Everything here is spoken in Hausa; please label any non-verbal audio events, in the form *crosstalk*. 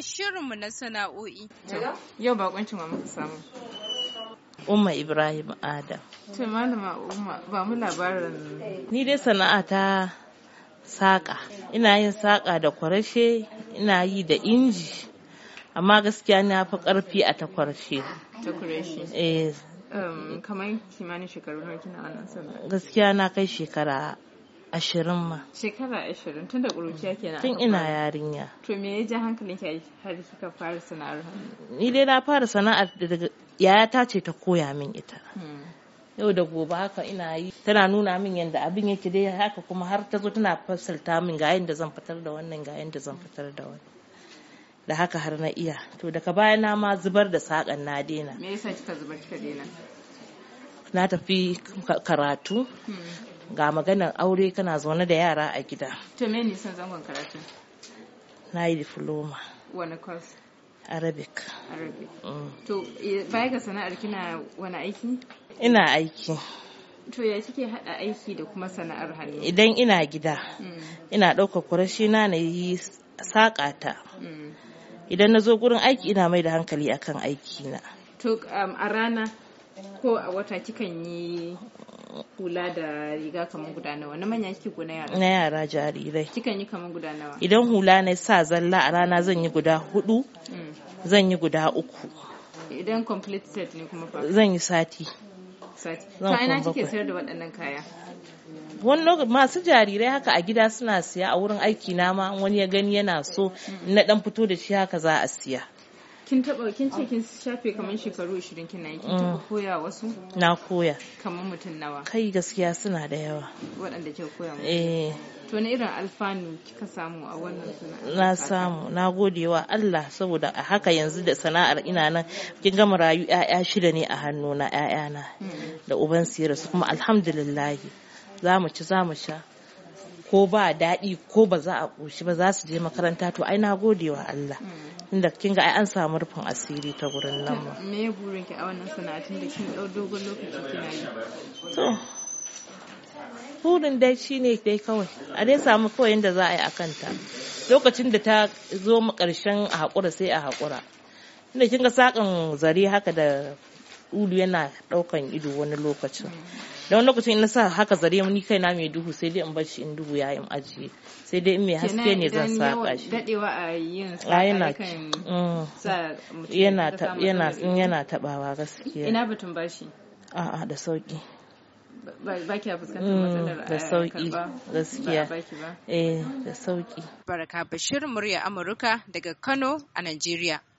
shirinmu na sana'o'i. Yau bakoncin wa muka samu. Umma Ibrahim Adam. Ce malama Umma ba mu labarin. Ni dai sana'a ta saƙa. Ina yin saƙa da kwarashe, ina yi da inji. Amma gaskiya na fi ƙarfi a ta kwarashe. Ta kwarashe. Eh. Um, kamar kimanin shekaru nawa kina wannan sana'a? Gaskiya na kai shekara ashirin ma shekara ashirin tun da ƙuruciya kenan tun ina yarinya to me ya ji ki har kika fara sana'ar ni dai na fara sana'ar daga yayata ce ta koya min ita hmm. yau da gobe haka ina yi tana nuna min yadda abin yake dai haka kuma har ta zo tana fasalta min ga yadda zan fitar da wannan ga yadda zan fitar da wannan da haka har na iya to daga baya na ma zubar da sakan na daina me yasa kika zubar kika daina na tafi karatu hmm. ga maganar aure kana zaune da yara a gida to me ne son zangon karatu na yi diploma wani course arabic arabic mm. to baya ga sana'ar kina wani aiki ina aiki to ya kike hada aiki da kuma sana'ar hannu idan ina gida mm. ina ɗaukar kurashi na na yi saƙata mm. idan na zo gurin aiki ina mai da hankali akan aiki na to um, a rana ko a wata kikan yi hula da riga kamar guda nawa na manya kike ko na yara na yara jarirai kikan yi kamar guda nawa idan hula na sa zalla a rana zan yi guda hudu mm. zan yi guda uku idan complete set ne kuma fa zan yi sati sati ta ina kike sayar da waɗannan kaya wani lokaci masu jarirai haka a gida suna siya a wurin aiki na ma wani ya gani yana so mm. na dan fito da shi haka za a siya kin taba kin ce kin shafe kamar shekaru 20 kina kin taba mm. koya wasu na koya kamar mutum nawa kai gaskiya suna da yawa waɗanda ke koya mu eh to ne irin alfanu kika samu a wannan sana'a na samu na gode wa Allah saboda a haka yanzu da sana'ar ina nan kin gama rayu ƴaƴa shida ne a hannu na mm. da uban sirri su kuma alhamdulillah za mu ci za mu sha ko ba daɗi ko ba za a ƙoshi ba za su je makaranta to ai na gode wa Allah inda hmm. kin ga ai an samu rufin asiri ta gurin nan ma *laughs* me burin ki a wannan sana'atin da kin dau dogon lokaci kina yi to burin dai shine dai kawai a dai samu kawai yadda za a yi a kanta lokacin da ta zo mu karshen a haƙura sai a haƙura inda kin ga saƙin zare haka da ulu yana ɗaukan ido wani lokacin hmm. da wani lokacin na sa haka zare ni kai na mai duhu sai dai in bar shi in duhu ya yi ajiye sai dai in mai haske ne zan saka shi dadewa a yin saka ah, yana mm. yana yana yana tabawa gaskiya ina batun bashi a'a da sauki ba ki fuskantar mm, matsalar da eh, sauki gaskiya eh da sauki baraka bashir murya amurka daga Kano a Najeriya